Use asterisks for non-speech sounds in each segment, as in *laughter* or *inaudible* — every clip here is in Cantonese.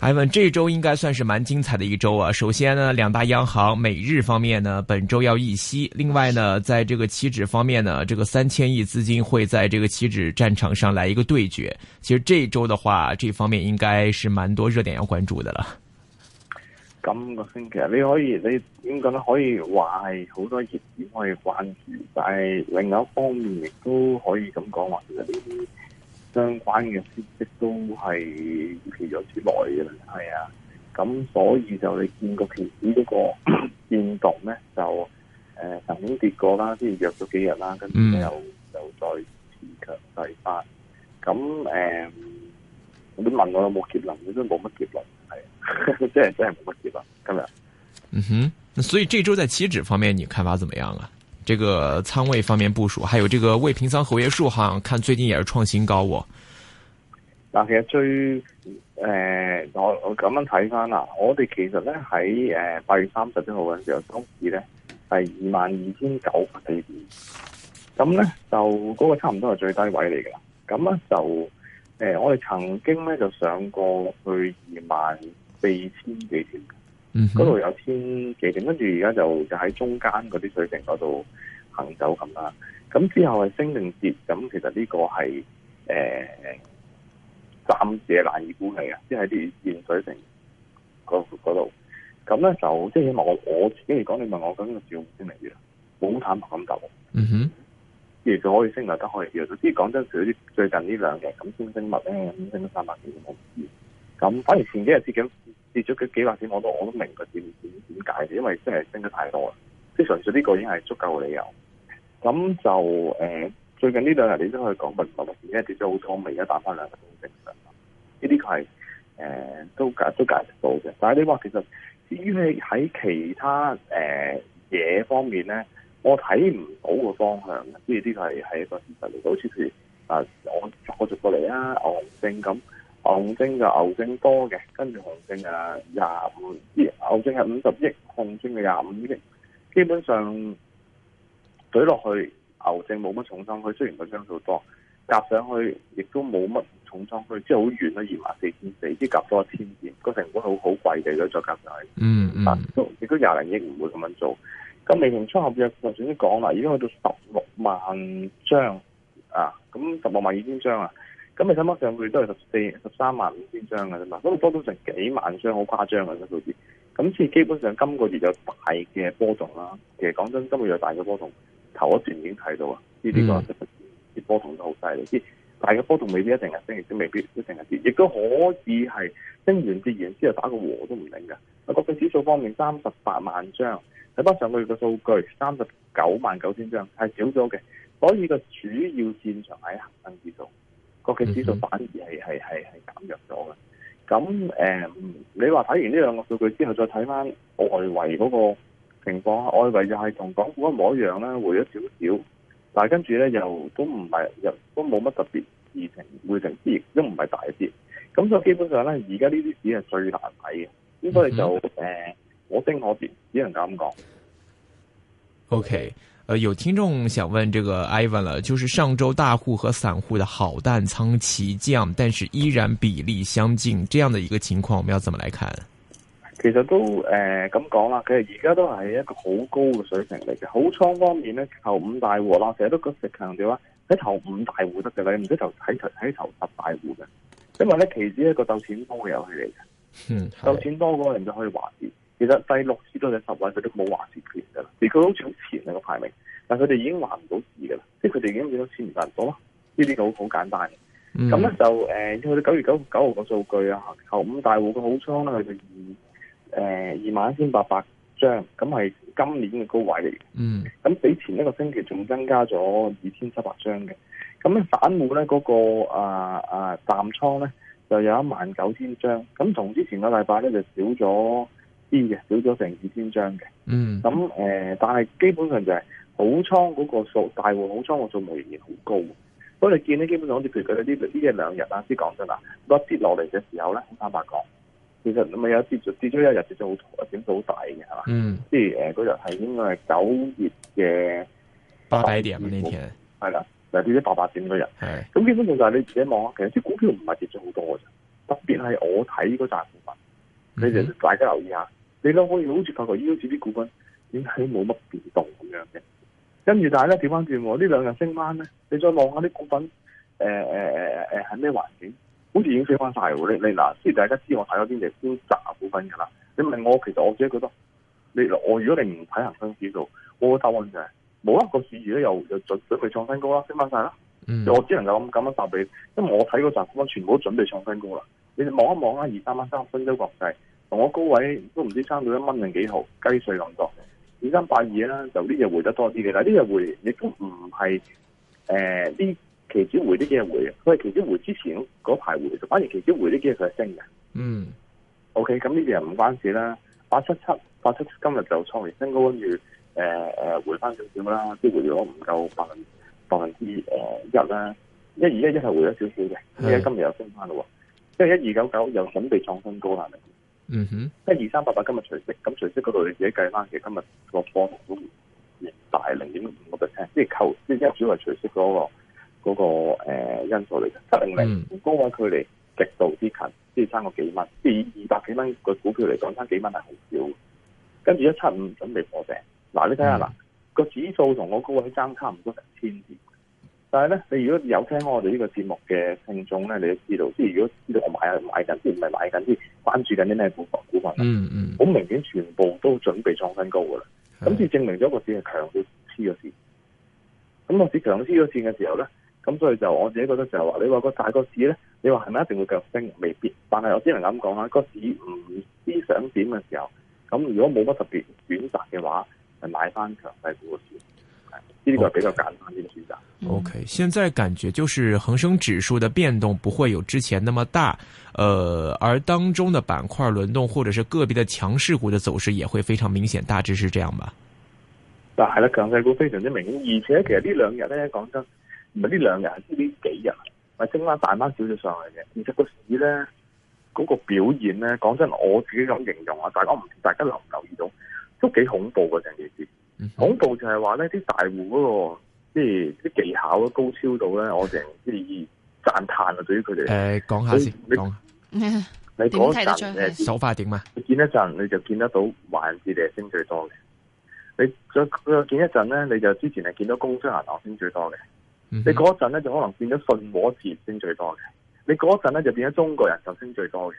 艾文，這周應該算是蠻精彩的一周啊！首先呢，兩大央行美日方面呢，本周要議息；另外呢，在這個期指方面呢，這個三千億資金會在這個期指戰場上來一個對決。其實這周的話，這方面應該是蠻多熱點要關注的了。今、這個星期啊，你可以，你應該可以話係好多熱點可以關注，但係另外一方面亦都可以咁講話，相關嘅消息都係預期咗之內嘅啦，係啊，咁所以就你見過個期指嗰個變動咧，就誒曾經跌過啦，跟住弱咗幾日啦，跟住又又再持強勢咁誒，我都、啊呃、問我有冇結論，你都冇乜結論，係、啊，真係真係冇乜結論今日。嗯哼，所以這周在期指方面，你看法怎麼樣啊？這個倉位方面部署，還有這個未平倉合約數，好像看最近也是創新高喎但其實最誒、呃，我我咁樣睇翻啦，我哋其實咧喺誒八月三十一號嘅時候，收市咧係二萬二千九百幾點，咁咧就嗰、那個差唔多係最低位嚟嘅啦。咁咧就誒、呃，我哋曾經咧就上過去二萬四千幾點。嗯、mm-hmm.，嗰度有千幾點，跟住而家，就就喺中間嗰啲水城嗰度行走咁啦。咁之後係升定跌？咁其實呢個係誒暫時難以估計啊，即係啲現水城嗰度。咁咧就即係、就是、我我自己嚟講，你問我今日做唔知升嚟嘅？我好坦白咁答嗯哼，其、mm-hmm. 實可以升又得，可以跌，即係講真，最近兩呢兩日咁升升物咧，咁升咗三百幾毫。咁反而前幾日跌幾跌咗幾幾百點，我都我都明個點點點解嘅，因為真係升得太多啦，即係純粹呢個已經係足夠嘅理由。咁就誒、呃、最近呢兩日你都可以講笨落落跌，跌咗好多，我未而家打翻兩個都正常。呢啲佢係誒都解都解釋到嘅。但係你話其實至於你喺其他誒嘢、呃、方面咧，我睇唔到個方向。呢啲佢係一個事實嚟，好似似啊我逐過嚟啦。我唔升咁。熊證就牛證多嘅，跟住熊證啊廿五億，牛證係五十億，熊證係廿五億，基本上懟落去牛證冇乜重倉區雖然佢張數多，夾上去亦都冇乜重倉區即係好遠咯，二萬四千四，即係夾咗一千二，個成本好好貴地如再夾上去，嗯嗯，亦都廿零億唔會咁樣做。咁未平倉合約就算之講啦，已經去到十六萬張啊，咁十六萬二千張啊。咁你睇翻上個月都係十四十三萬五千張嘅啫嘛，咁多到成幾萬張好誇張嘅啫，好似咁似基本上今個月有大嘅波動啦。其實講真，今個月有大嘅波動，頭一段已經睇到啦。呢、這、啲個啲波動都好細嘅，啲、嗯、大嘅波動未必一定係升，亦都未必一定係跌，亦都可以係升完跌完之後打個和都唔定嘅。個國際指數方面38，三十八萬張睇翻上個月嘅數據，三十九萬九千張係少咗嘅，所以個主要戰場喺恒生指數。國企指數反而係係係係減弱咗嘅，咁誒、嗯，你話睇完呢兩個數據之後，再睇翻外圍嗰個情況，外圍又係同港股一模一樣咧，回咗少少，但係跟住咧又都唔係又都冇乜特別事情，匯成跌，亦都唔係大啲。咁所以基本上咧，而家呢啲市係最難睇嘅，咁所以你就誒，可升可跌，只能夠咁講。O K。誒、呃，有聽眾想問這個 Ivan 啦，就是上周大戶和散戶的好淡倉齊降，但是依然比例相近，這樣的一個情況，我們要怎麼來看？其實都誒咁、呃、講啦，佢而家都係一個好高嘅水平嚟嘅。好倉方面呢，頭五大戶啦，成日都一直強調啊，喺頭五大戶得噶啦，唔使頭喺頭喺頭十大戶嘅。因為咧，期指一個鬥錢多嘅遊戲嚟嘅，嗯，鬥錢多、嗰個人就可以玩住。其實第六次都有十位，佢都冇話事權噶啦，而佢好似好前啊，個排名，但係佢哋已經話唔到事噶啦，即係佢哋已經見到錢唔到多，呢啲咁好簡單嘅。咁、mm-hmm. 咧就誒，去到九月九九號個數據啊，後五大戶嘅好倉咧，佢就二誒二萬一千八百張，咁係今年嘅高位，嚟嘅，嗯，咁比前一個星期仲增加咗二千七百張嘅，咁咧散戶咧嗰、那個啊啊、呃呃、淡倉咧就有一萬九千張，咁同之前個禮拜咧就少咗。啲嘅少咗成二千張嘅，咁、嗯、誒，但係基本上就係好倉嗰個數，大戶好倉個數目仍然好高。所以你見咧，基本上好似譬如佢啲，呢一兩日啦。先講真啦，落跌落嚟嘅時候咧，坦白講其實咪有跌跌咗一日，跌咗好倉，跌到好大嘅，係嘛？嗯，即係誒，嗰日係應該係九月嘅八百點呢天係啦，就跌咗八百點嗰日，係。咁基本上就係你自己望下，其實啲股票唔係跌咗好多嘅，特別係我睇嗰扎股份，你哋大家留意下。你都可以好似發覺 U 字啲股份已經係冇乜變動咁樣嘅？跟住但係咧，調翻轉喎，呢兩日升翻咧，你再望下啲股份，誒誒誒誒誒，喺咩環境？好似已經升翻晒喎！你你嗱，雖然大家知我睇咗啲嘢都集股份㗎啦，你問我其實我自己覺得，你我如果你唔睇恒生指數，我個答案就係冇一個市而家又又準準備創新高啦，升翻晒啦。我只能夠咁咁樣答你，因為我睇嗰集股全部都準備創新高啦。你哋望一望啊，二三蚊三，分洲國際，同我高位都唔知差到一蚊定幾毫，雞碎咁多，二三八二啦，就呢日回得多啲嘅，但係呢日回亦都唔係，誒、呃，呢期指回呢幾日回佢係期指回之前嗰排回嘅，反而期指回幾、mm. okay, 係呢幾日佢係升嘅。嗯，OK，咁呢啲又唔關事啦。八七七八七今日就創完新高跟住，誒誒、呃，回翻少少啦，即回咗唔夠百分百分之誒一啦，呃、1, 2, 1, 2, 1一二一一係回咗少少嘅，因、mm. 家今日又升翻咯，即係一二九九又準備創新高啦。係咪？嗯哼，即係二三八八今日除息，咁除息嗰度你自己計翻，其實今日個波動都唔大，零點五個 percent，即係扣，即係主要係除息嗰、那個、那個誒、呃、因素嚟，嘅。七零零，高位佢離極度之近，即、就、係、是、差個幾蚊，即係以二百幾蚊個股票嚟講，差幾蚊係好少，跟住一七五準備破頂，嗱、啊、你睇下嗱、那個指數同我高位爭差唔多成千點。但係咧，你如果有聽我哋呢個節目嘅聽眾咧，你都知道，即係如果知道我買啊買緊，即唔係買緊，即係關注緊啲咩股房股份。嗯嗯，好明顯全部都準備創新高噶啦，咁就證明咗個市係強啲。黐咗線，咁個市強黐咗線嘅時候咧，咁所以就我自己覺得就係話，你話個大個市咧，你話係咪一定會繼續升？未必，但係我只能咁講啊。個市唔知想點嘅時候，咁如果冇乜特別選擇嘅話，係買翻強勢股嘅市。呢、這個比較簡單嘅選擇。O K，現在感覺就是恒生指數嘅變動不會有之前那麼大，呃，而當中的板塊輪動或者是個別的強勢股的走勢也會非常明顯，大致是這樣吧？嗯嗯、但係咧強勢股非常之明顯，而且其實呢兩日咧，講真，唔係呢兩日係呢幾日，咪升翻大翻少少上嚟嘅。其實個市咧，嗰個表現咧，講真，我自己咁形容啊，大家唔，大家留唔留意到都幾恐怖嘅，成件事。嗯、恐怖就係話咧，啲大戶嗰個即係啲技巧咧高超到咧，我成即係讚嘆啊！對於佢哋，誒，講下先，你講，你嗰陣手法點嘛？你見一陣你就見得到，華人置業升最多嘅？你再見一陣咧，你就之前係見到工商銀行升最多嘅。嗯。你嗰陣咧就可能變咗信和置業升最多嘅。你嗰陣咧就變咗中國人就升最多嘅。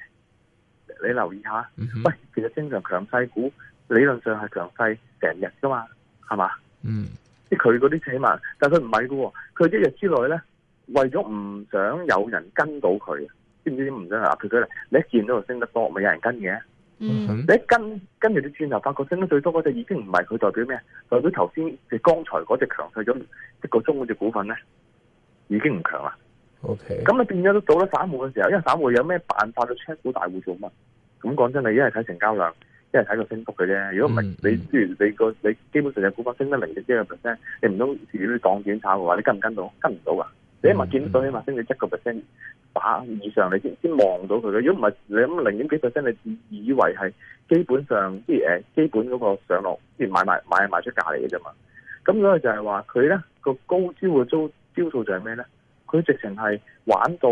你留意一下，喂、嗯，其實正常強勢股。理論上係強勢成日噶嘛，係嘛？嗯，即係佢嗰啲起碼，但係佢唔係噶喎，佢一日之內咧，為咗唔想有人跟到佢，知唔知點唔想啊？佢，佢你一見到就升得多，咪有人跟嘅、嗯。你一跟，跟住，你轉頭發覺升得最多嗰隻已經唔係佢，代表咩？代表頭先即剛才嗰隻強勢咗一個鐘嗰隻股份咧，已經唔強啦。O K. 咁你變咗做咗散戶嘅時候，因為散戶有咩辦法去 check 股大戶做乜？咁講真啦，一係睇成交量。即係睇個升幅嘅啫，如果唔係你，雖如你個你基本上隻股票升得零點幾 percent，你唔通短港短炒嘅話，你跟唔跟到？跟唔到㗎！你一物見到起碼升咗一個 percent 把以上，你先先望到佢嘅。如果唔係你咁零點幾 percent，你以為係基本上即係誒基本嗰個上落，即係買賣買賣出價嚟嘅啫嘛。咁所以就係話佢咧個高招嘅招招數就係咩咧？佢直情係玩到。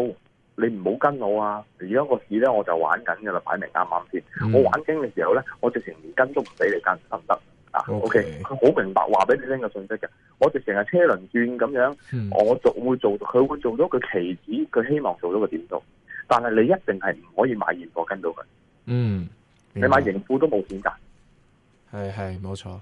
你唔好跟我啊！而家個市咧，我就玩緊嘅啦，擺明啱啱先。我玩緊嘅時候咧，我直情連跟都唔俾你跟得唔得啊？OK，佢好明白話俾你聽嘅信息嘅。我哋成日車輪轉咁樣，嗯、我做會做，佢會做到個期指，佢希望做到個點數。但係你一定係唔可以買現貨跟到佢，嗯，你買盈富都冇錢賺。係係冇錯。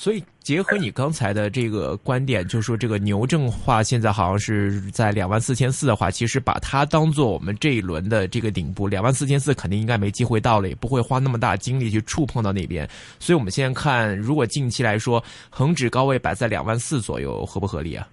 所以結合你剛才的這個觀點，就是說這個牛證化現在好像是在兩萬四千四的話，其實把它當做我們這一輪的這個頂部，兩萬四千四肯定應該沒機會到了，也不會花那麼大精力去觸碰到那邊。所以我們現在看，如果近期來說，恒指高位擺在兩萬四左右合不合理啊？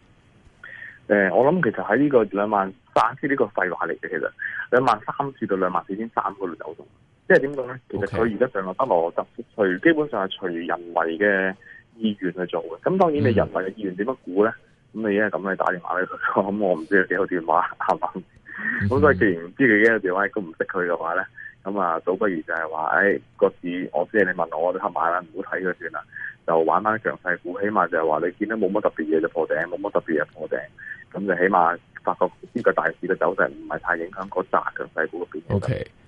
誒，我諗其實喺呢個兩萬三，呢個廢話嚟嘅，其實兩萬三至到兩萬四千三嗰度走動，即係點講呢、okay. 其實佢而家上落班邏輯基本上係隨人為嘅。醫院去做嘅，咁當然你人民嘅醫院點樣估咧？咁、mm-hmm. 你依家咁樣打電話俾佢，咁我唔知佢幾號電話係嘛？咁、mm-hmm. 所以既然唔知佢幾號電話，都唔識佢嘅話咧，咁啊，倒不如就係話，誒、哎、個市我知你問我，我都合埋啦，唔好睇佢算啦，就玩翻強勢股，起碼就係話你見到冇乜特別嘢就破頂，冇乜特別嘢破頂，咁就起碼發覺呢個大市嘅走勢唔係太影響嗰扎強勢股嘅變動。Okay.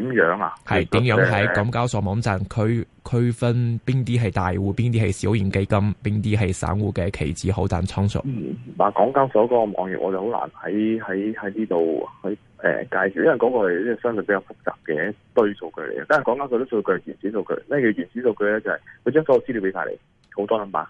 點樣啊？係點樣喺港交所網站區區分邊啲係大戶，邊啲係小型基金，邊啲係散戶嘅期指好等倉數？嗯，嗱，港交所個網頁我就好難喺喺喺呢度去誒介紹，因為嗰個係即係相對比較複雜嘅一堆數據嚟嘅。但係港交所啲數據係原始數據，咩叫原始數據咧就係佢將所有資料俾晒你，好多 MB。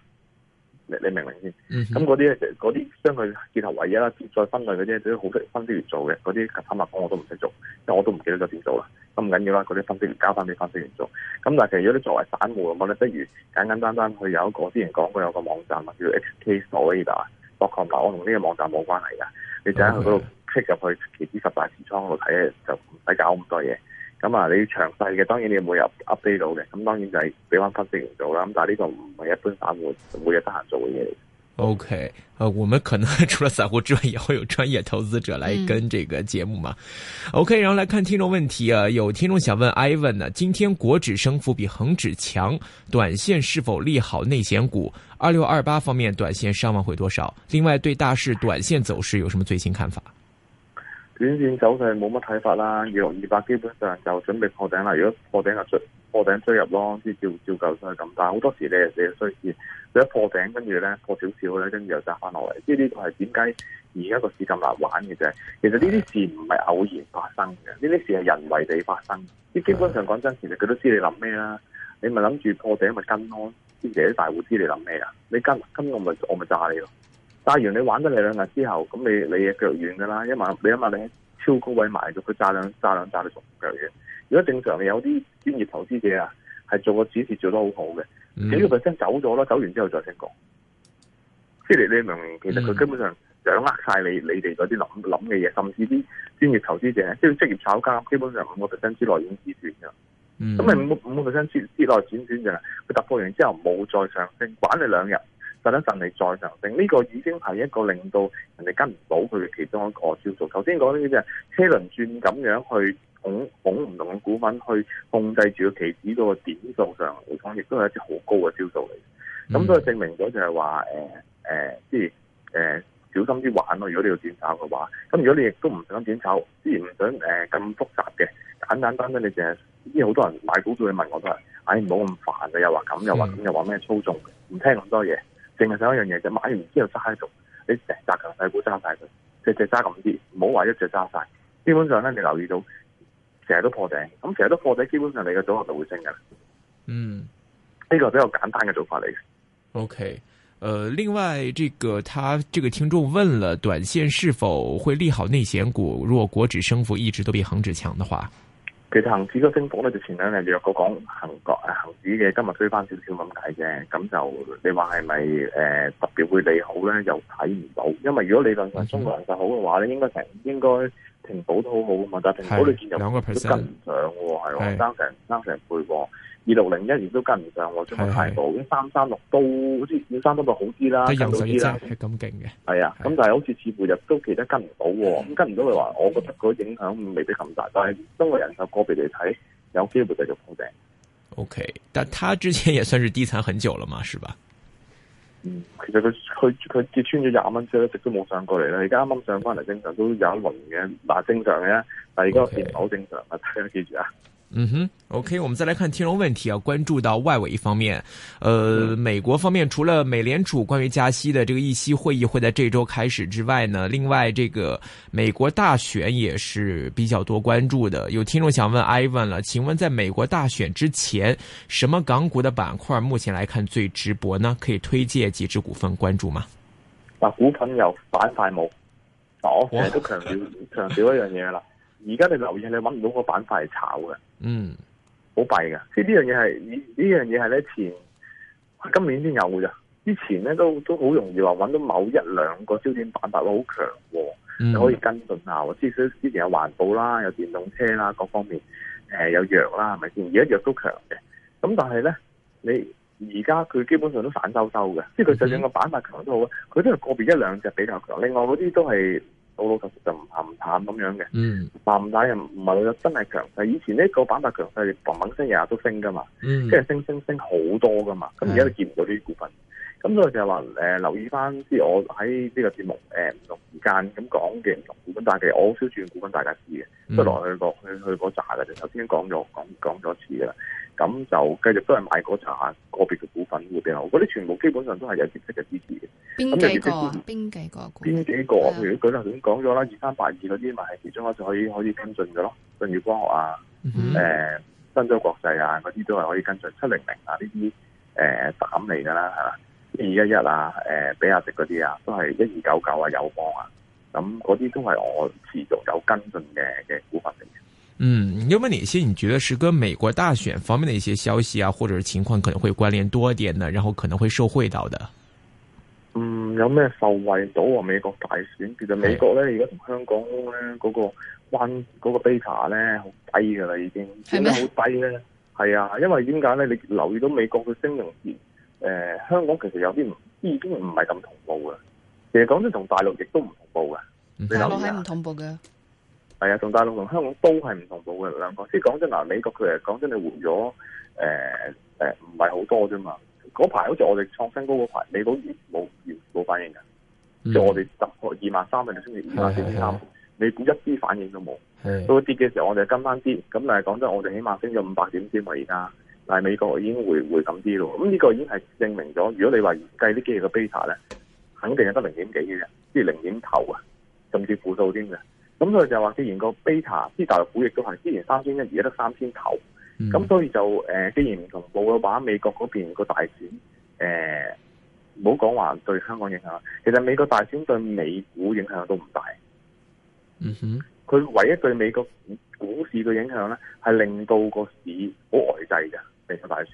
你你明唔明先？咁嗰啲咧就嗰啲將佢截頭唯一啦，再分類嗰啲，都好識分析員做嘅。嗰啲坦白講，我都唔識做，因為我都唔記得咗點做啦。咁唔緊要啦，嗰啲分析員交翻俾分析員做。咁但係其實如果你作為散戶，我咧不如簡簡單單單去有一個之前講過有個網站啊，叫 XK Stock 啊，包括埋我同呢個網站冇關係噶，你就喺佢嗰度 check 入去、okay. 期指十大持倉嗰度睇嘅，就唔使搞咁多嘢。咁、嗯、啊，你要詳細嘅，當然你會有 update 到嘅，咁當然就係俾翻分析員做啦。咁但係呢個唔係一般散戶每日得閒做嘅嘢。O K，啊，我們可能除了散戶之外，也會有專業投資者嚟跟這個節目嘛。嗯、o、okay, K，然後來看聽眾問題啊，有聽眾想問 Ivan 呢、啊，今天國指升幅比恒指強，短線是否利好內險股？二六二八方面短線上望會多少？另外對大市短線走勢有什麼最新看法？短線走勢冇乜睇法啦，二六二八基本上就準備破頂啦。如果破頂就追，破頂追入咯。即照照舊係咁，但係好多時你你衰事，你一破頂跟住咧破少少咧，跟住又揸翻落嚟。即呢個係點解而家個市咁難玩嘅啫？其實呢啲事唔係偶然發生嘅，呢啲事係人為地發生。即基本上講真，其實佢都知你諗咩啦。你咪諗住破頂咪跟咯。之前啲大戶知你諗咩啊？你跟跟我咪我咪炸你咯。炸完你玩咗你兩日之後，咁你你嘢腳軟噶啦，一晚你一晚你超高位埋咗，佢炸兩炸兩炸你仲腳軟。如果正常有啲專業投資者啊，係做個指示做得好好嘅，幾個 percent 走咗啦，走完之後再成功，即係你明，明，其實佢根本上掌握晒你你哋嗰啲諗諗嘅嘢，甚至啲專業投資者，即係職業炒家，基本上五個 percent 之內已經止損噶啦。咁你五五 percent 之之內止損噶啦，佢突破完之後冇再上升，玩你兩日。等一陣，你再上升，呢、這個已經係一個令到人哋跟唔到佢嘅其中一個招數。頭先講呢啲嘅車輪轉咁樣去拱拱唔同嘅股份，去控制住個期指個點數上嚟講，亦、嗯、都係一隻好高嘅招數嚟。咁都係證明咗就係話誒誒，即係誒小心啲玩咯。如果你要短炒嘅話，咁如果你亦都唔想短炒，之前唔想誒咁、呃、複雜嘅，簡簡單單你淨係，因為好多人買股票。你問我都係，唉、哎，唔好咁煩嘅，又話咁、嗯、又話咁又話咩操縱，唔聽咁多嘢。淨係想一樣，嘢就買完之後揸喺度，你成紮強勢股揸晒佢，隻隻揸咁啲，唔好話一隻揸晒。基本上咧，你留意到成日都破頂，咁成日都破頂，基本上你嘅組合就會升噶啦。嗯，呢個比較簡單嘅做法嚟。O K，誒，另外，這個他這個聽眾問了，短線是否會利好內險股？若果國指升幅一直都比恒指強嘅話？其實恒指個升幅咧，就前兩日弱過講恆國誒恆指嘅，今日推翻少少咁解啫。咁就你話係咪誒特別會利好咧？又睇唔到，因為如果理論上中國人就好嘅話咧，應該成應該停保都好好噶嘛。但係停保你見又兩個都跟唔上喎，係爭成爭成倍喎。二六零一亦都跟唔上喎，真係冇。咁三三六都好似五三三六好啲啦，多啲啦，咁勁嘅。係啊，咁但係好似似乎亦都其他跟唔到喎。咁跟唔到佢話，我覺得個影響未必咁大，是但係中國人壽個別嚟睇，有機會繼續擴定。O K，但係他之前也算是低殘很久啦嘛，是吧？嗯，其實佢佢佢跌穿咗廿蚊之後一直都冇上過嚟咧，而家啱啱上翻嚟正常都有一輪嘅，嗱正常嘅，但係而家個市唔好正常啊！Okay. 大家記住啊！嗯哼，OK，我們再來看金融問題啊，要關注到外圍一方面，呃，美國方面除了美聯儲關於加息的這個議息會議會在這週開始之外呢，另外這個美國大選也是比較多關注的。有聽眾想問 Ivan 了，請問在美國大選之前，什麼港股的板塊目前來看最值博呢？可以推薦幾隻股份關注嗎？啊，股份有，有，板塊冇。嗱，我其實都強調強調一樣嘢啦而家你留意，你揾唔到個板塊嚟炒嘅，嗯，好弊噶。即呢樣嘢係呢樣嘢係咧，前今年先有嘅啫。之前咧都都好容易話揾到某一兩個焦點板塊，好強，你可以跟進下。之前之前有環保啦，有電動車啦，各方面誒有藥啦，係咪先？而家藥都強嘅。咁但係咧，你而家佢基本上都散收收嘅，即係佢就算個板塊強都好，佢都係個別一兩隻比較強，另外嗰啲都係。老老實實就唔淡唔淡咁樣嘅，唔淡唔淡又唔係話真係強勢。以前呢個板塊強勢，嘭嘭聲日日都升噶嘛，跟住升升升好多噶嘛。咁而家都見唔到呢啲股份。咁、嗯、所以就係話，誒、呃、留意翻，即係我喺呢個節目誒唔、呃、同時間咁講嘅唔同股份。但係其實我好少轉股份大家知嘅，都落去落去去嗰扎嘅。頭先講咗講講咗一次啦。咁就繼續都係買嗰下個別嘅股份會比較好，嗰啲全部基本上都係有業績嘅支持嘅。邊幾個？邊幾個？邊幾個？佢舉例已經講咗啦，二三八二嗰啲咪係其中一隻可以可以跟進嘅囉。舜宇光學啊，嗯、申洲國際啊嗰啲都係可以跟進，七零零啊呢啲誒膽嚟㗎啦嚇，二一一啊、呃、比亞迪嗰啲啊都係一二九九啊友邦啊，咁嗰啲都係我持續有跟進嘅嘅股份嚟嘅。嗯，有冇哪些你覺得是跟美國大選方面的一些消息啊，或者係情況可能會關聯多啲呢？然後可能會受惠到的？嗯，有咩受惠到啊？美國大選其實美國呢，而家同香港呢嗰，那個關嗰個 beta 好低噶啦已經已經，係咩？好低呢。係啊，因為點解呢？你留意到美國嘅升融市誒，香港其實有啲已經唔係咁同步噶。其實講真，同大陸亦都唔同步噶、嗯。大陸係唔同步嘅。係啊，同大陸同香港都係唔同步嘅兩個。即係講真嗱、呃呃，美國佢嚟講真，你回咗誒誒，唔係好多啫嘛。嗰排好似我哋創新高嗰排，美股冇冇反應嘅。即係我哋突破二萬三，係咪先？二萬四千三，美股一啲反應都冇。是是到跌嘅時候，我哋跟翻啲。咁但係講真，我哋起碼升咗五百點先嘛。而家但係美國已經回回咁啲咯。咁呢個已經係證明咗，如果你話計啲嘅 beta 咧，肯定只有得零點幾嘅，即係零點頭啊，甚至負數添嘅。咁所以就話，mm-hmm.，既然個 beta 啲大陸股亦都係，之前三千一而家得三千頭，咁所以就誒，既然同步嘅話，美國嗰邊個大選，誒、呃，唔好講話對香港影響，其實美國大選對美股影響都唔大。嗯哼，佢唯一對美國股市嘅影響咧，係令到個市好呆滯嘅，美國大選，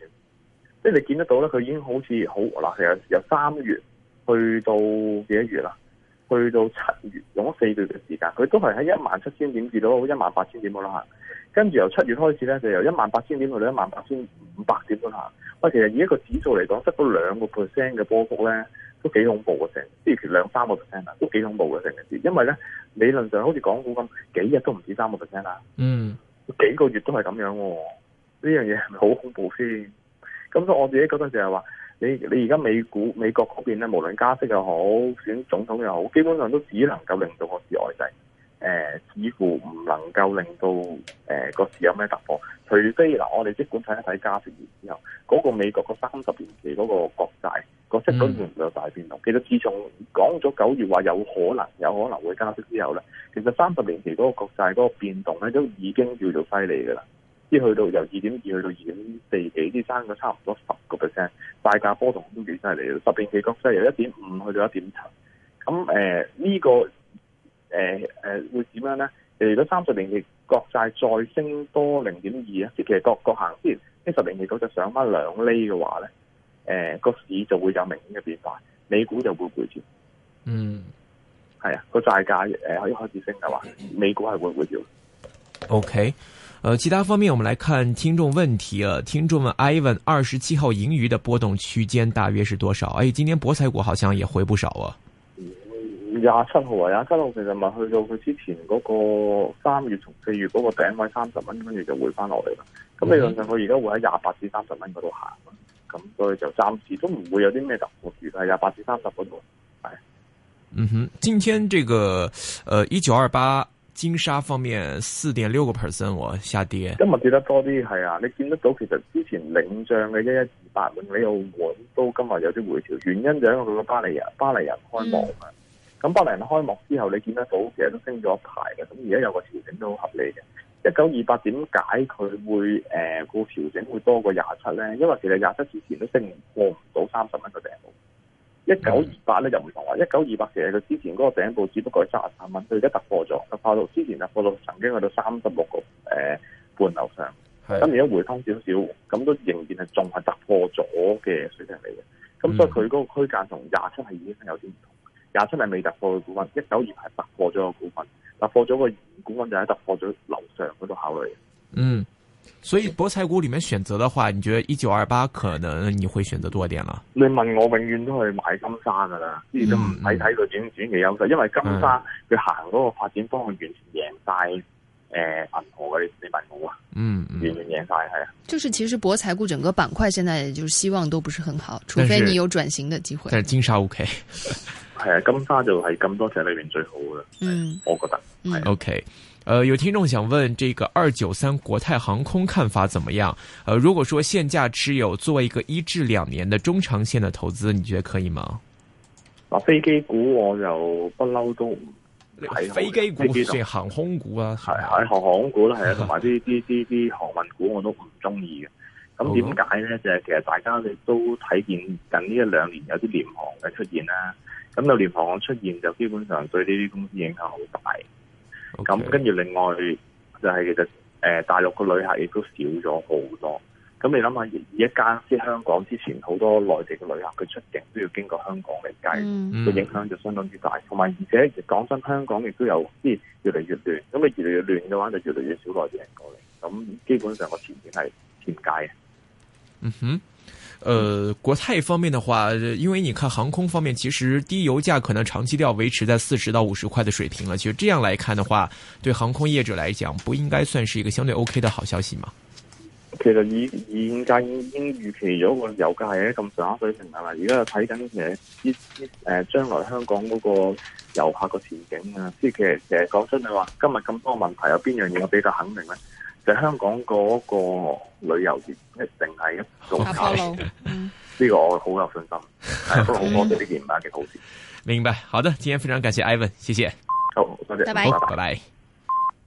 即係你見得到咧，佢已經好似好嗱，由由三月去到幾多月啦？去到七月，用咗四個月嘅時間，佢都係喺一萬七千點至到一萬八千點嘅啦吓。跟住由七月開始咧，就由一萬八千點去到一萬八千五百點嘅啦吓。喂，其實以一個指數嚟講，得到兩個 percent 嘅波幅咧，都幾恐怖嘅成，即係兩三個 percent 啊，都幾恐怖嘅成件事。因為咧，理論上好似港股咁，幾日都唔止三個 percent 啊。嗯。幾個月都係咁樣，啊，呢樣嘢係咪好恐怖先？咁所以我自己嗰陣時係話。你你而家美股美國嗰邊咧，無論加息又好，選總統又好，基本上都只能夠令到個市外滯，誒、呃，似乎唔能夠令到誒、呃、個市有咩突破，除非嗱我哋即管睇一睇加息完之後，嗰、那個美國個三十年期嗰個國債、那個息率有冇大變動，嗯？其實自從講咗九月話有可能有可能會加息之後咧，其實三十年期嗰個國債嗰個變動咧都已經叫做犀利㗎啦。啲去到由二點二去到二點四幾，啲升咗差唔多十個 percent，大價波動都幾犀利嘅，十年期國債由一點五去到一點七，咁誒、呃這個呃、呢個誒誒會點樣咧？如果三十年期國債再升多零點二啊，即係個個行，即係十年期國債上翻兩厘嘅話咧，誒個市就會有明顯嘅變化，美股就會回調。嗯，係啊，個債價誒可以開始升嘅話？美股係會回調。O、嗯、K。 *laughs* *laughs* *laughs* *laughs* 呃，其他方面我們來看聽眾問題啊。聽眾問：Ivan，二十七號盈餘的波動區間大約是多少？哎，今天博彩股好像也回不少啊。廿七號啊，廿七號其實咪去到佢之前嗰個三月同四月嗰個頂位三十蚊，跟住就回翻落嚟啦。咁理論上，佢而家會喺廿八至三十蚊嗰度行啊。咁所以就暫時都唔會有啲咩突破，而係廿八至三十蚊度。係、哎。嗯哼，今天這個呃一九二八。金沙方面四點六個 percent，我下跌。今日跌得多啲係啊，你見得到其實之前領漲嘅一一二八，永利澳門，都今日有啲回調。原因就因為佢個巴黎人，巴黎人開幕啊。咁、嗯、巴黎人開幕之後，你見得到其實都升咗一排嘅。咁而家有個調整都好合理嘅。一九二八，點解佢會誒個調整會多過廿七咧？因為其實廿七之前都升過唔到三十蚊個頂。一九二八咧就唔同啊！一九二八其實佢之前嗰個頂部只不過係三十三蚊，佢而家突破咗。突破到之前突破到曾經去到三十六個誒、呃、半樓上，咁而家回翻少少，咁都仍然係仲係突破咗嘅水平嚟嘅。咁所以佢嗰個區間同廿七係已經有啲唔同。廿七係未突破嘅股份，一九二係突破咗個股份，突破咗個股份就喺突破咗樓上嗰度考慮。嗯。 *noise* *noise* 所以博彩股裏面選擇的話，你覺得一九二八可能你會選擇多點啦？你問我永遠都係買金沙噶啦，都唔係睇佢轉唔轉嘅優勢，因為金沙佢、嗯、行嗰個發展方向完全贏晒誒銀河㗎，你問我啊，嗯，完全贏晒係啊。就是其實博彩股整個板塊現在就是希望都不是很好，除非你有轉型的機會。但是,但是金沙 OK，係啊， *laughs* 金沙就係咁多隻裏面最好噶，嗯，我覺得係、嗯、OK。呃，有聽眾想問，這個二九三國泰航空看法怎麼樣？呃，如果說現價持有做一個一至兩年的中長線的投資，你覺得可以嗎？啊、飛機股我就不嬲都飛機股算航空股啊，係係、啊、航空股啦，係 *laughs* 啊，同埋啲啲啲啲航運股我都唔中意嘅。咁點解呢就係其實大家都睇見近呢一兩年有啲廉航嘅出現啦，咁有廉航嘅出現就基本上對呢啲公司影響好大。咁跟住另外就係其實誒大陸嘅旅客亦都少咗好多，咁你諗下而家即係香港之前好多內地嘅旅客，佢出境都要經過香港嚟計，個、mm-hmm. 影響就相當之大。同埋而且講真，香港亦都有即係越嚟越亂，咁你越嚟越亂嘅話就越嚟越少內地人過嚟，咁基本上個前景係欠佳嘅。嗯哼。呃，國泰方面的話，因為你看航空方面，其實低油價可能長期都要維持在四十到五十塊的水平了。其實這樣來看的話，對航空業者來講，不應該算是一個相對 OK 的好消息嗎？其實已已經應應預期咗個油價係咁上下水平啦。而家睇緊嘢，依依誒，將來香港嗰個遊客個前景啊，即係其實其實講真，你話今日咁多問題，有邊樣嘢我比較肯定咧？就是、香港嗰個旅遊業一定係一種考事，呢、okay, 個我好有信心。誒， *laughs* 不過好多都呢件唔係嘅好事。明白，好的，今天非常感謝 Ivan，謝謝。好，多謝，謝，Bye-bye. 拜拜，拜拜。Bye-bye.